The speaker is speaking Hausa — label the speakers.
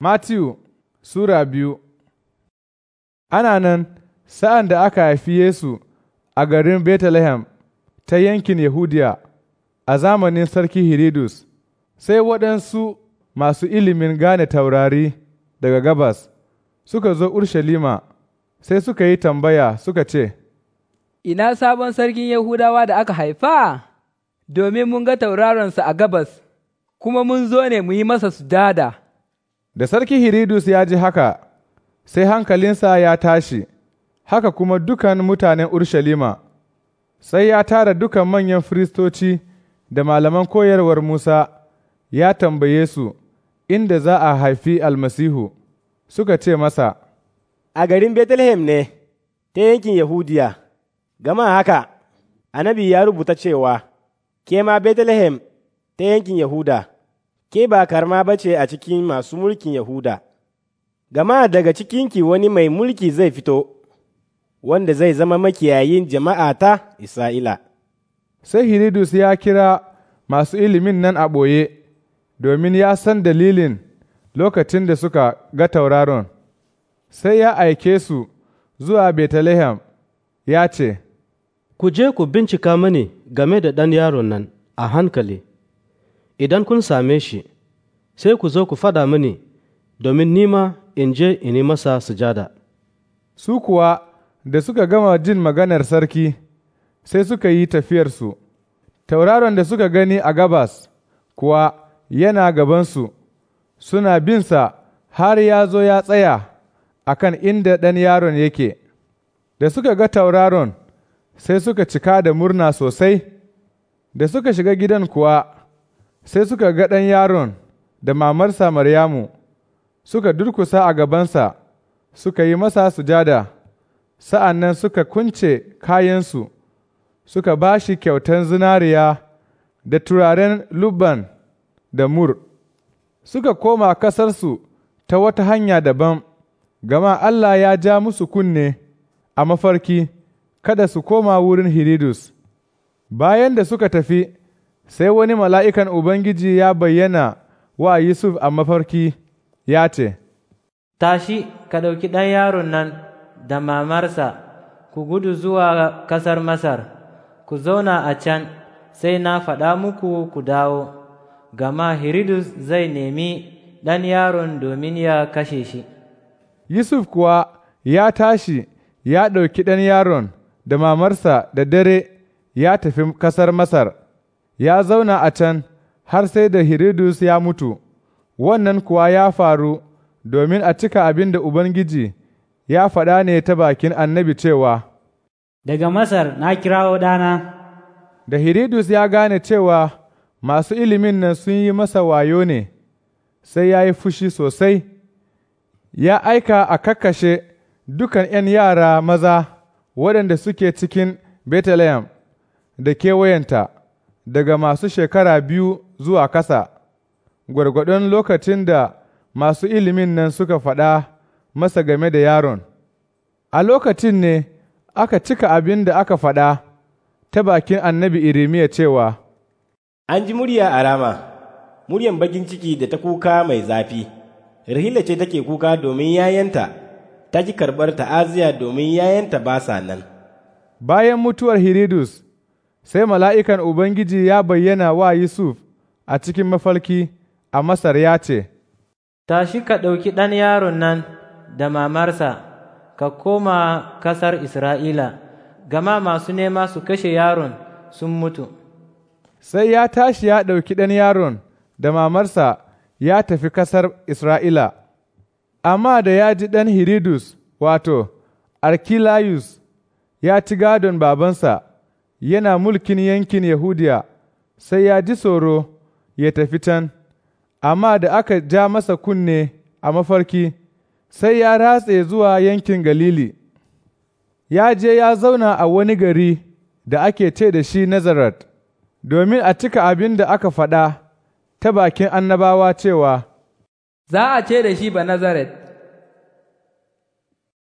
Speaker 1: matthew Sura biyu Ana nan, sa'an da aka haifi Yesu a garin bethlehem ta yankin Yahudiya a zamanin Sarki Hiridus, sai waɗansu masu ilimin gane taurari daga gabas suka zo Urshalima, sai suka yi tambaya suka ce,
Speaker 2: Ina sabon sarkin Yahudawa da aka haifa, domin mun ga tauraronsa a gabas, kuma mun zo ne mu yi masa sujada.
Speaker 1: Da sarki Hiridus ya ji haka, sai hankalinsa ya tashi, haka kuma dukan mutanen Urshalima, sai ya tara dukan manyan firistoci da malaman koyarwar Musa, ya tambaye su inda za a
Speaker 3: haifi almasihu, suka ce masa, A garin Bethlehem ne, ta yankin Yahudiya, gama haka, anabi ya rubuta cewa, Ke ma Bethlehem ta yankin Yahuda. ke ba karma ba ce a cikin masu mulkin Yahuda, gama daga cikinki wani mai mulki zai fito, wanda zai zama makiyayin jama'a ta Isra'ila. Sai Hiridus ya
Speaker 1: kira masu ilimin nan a ɓoye, domin ya san dalilin lokacin da suka ga tauraron, sai ya aike su zuwa Betlehem
Speaker 3: ya ce, Ku je ku bincika mani game da ɗan yaron nan a hankali. idan kun same shi, sai ku zo ku fada mini, domin nima in je in yi masa sujada. Su kuwa
Speaker 1: da suka gama jin maganar sarki, sai suka yi tafiyarsu, tauraron da suka gani a gabas kuwa yana gabansu, suna binsa har ya zo ya tsaya a kan inda ɗan yaron yake. Da suka ga tauraron, sai suka cika da murna sosai, da suka shiga gidan kuwa. sai suka ga ɗan yaron da mamarsa Maryamu, suka durkusa a gabansa, suka yi masa sujada, sa'an nan suka kunce kayansu, suka ba shi kyautan zinariya da turaren lubban da mur. Suka koma ƙasarsu ta wata hanya daban, gama Allah ya ja musu kunne a mafarki, kada su koma wurin Hiridus. Bayan da suka tafi, sai wani mala'ikan Ubangiji ya bayyana wa Yusuf a mafarki ya ce,
Speaker 2: Tashi, ka ɗauki ɗan yaron nan da mamarsa, ku gudu zuwa ƙasar Masar, ku zauna a can, sai na faɗa muku ku dawo, gama Hiridus zai nemi ɗan yaron domin ya kashe shi. Yusuf kuwa
Speaker 1: ya tashi ya ɗauki ɗan yaron da mamarsa da dare ya tafi ƙasar Masar. ya zauna a can har sai da Hiridus ya mutu, wannan kuwa ya faru domin a cika abin da Ubangiji ya faɗa ne ta bakin annabi cewa, Daga Masar na kirawo ɗana. Da Hiridus ya gane cewa masu ilimin nan sun yi masa wayo ne, sai ya yi fushi sosai, ya aika a kakkashe dukan ’yan yara maza waɗanda suke cikin Betlehem da kewayenta. daga masu shekara biyu zuwa kasa, gwargwadon lokacin da masu ilimin nan suka faɗa masa game da yaron. A lokacin ne aka cika abin da aka faɗa ta bakin annabi Irimiya cewa,
Speaker 3: An ji murya a rama, muryan bakin ciki da ta kuka mai zafi, rahila ce take kuka domin yayanta, ta ji karɓar ta'aziya domin yayanta ba sa nan. Bayan mutuwar Hiridus, sai mala'ikan Ubangiji ya
Speaker 1: bayyana wa Yusuf a cikin mafalki a Masar ya ce,
Speaker 2: Tashi ka ɗauki ɗan yaron nan da mamarsa, ka koma ƙasar Isra'ila, gama masu nema su kashe yaron sun mutu.
Speaker 1: Sai ya tashi ya ɗauki ɗan yaron da mamarsa ya tafi ƙasar Isra'ila, amma da ya ji ɗan Hiridus, wato, Arkilayus, ya ci gadon babansa. yana mulkin yankin Yahudiya, sai ya ji tsoro ya tafi can, amma da aka ja masa kunne a mafarki, sai ya ratse zuwa yankin Galili. Ya je ya zauna a wani gari da ake ce da shi Nazaret, domin a cika abin da aka faɗa ta bakin annabawa cewa,
Speaker 2: Za a ce da shi ba Nazaret.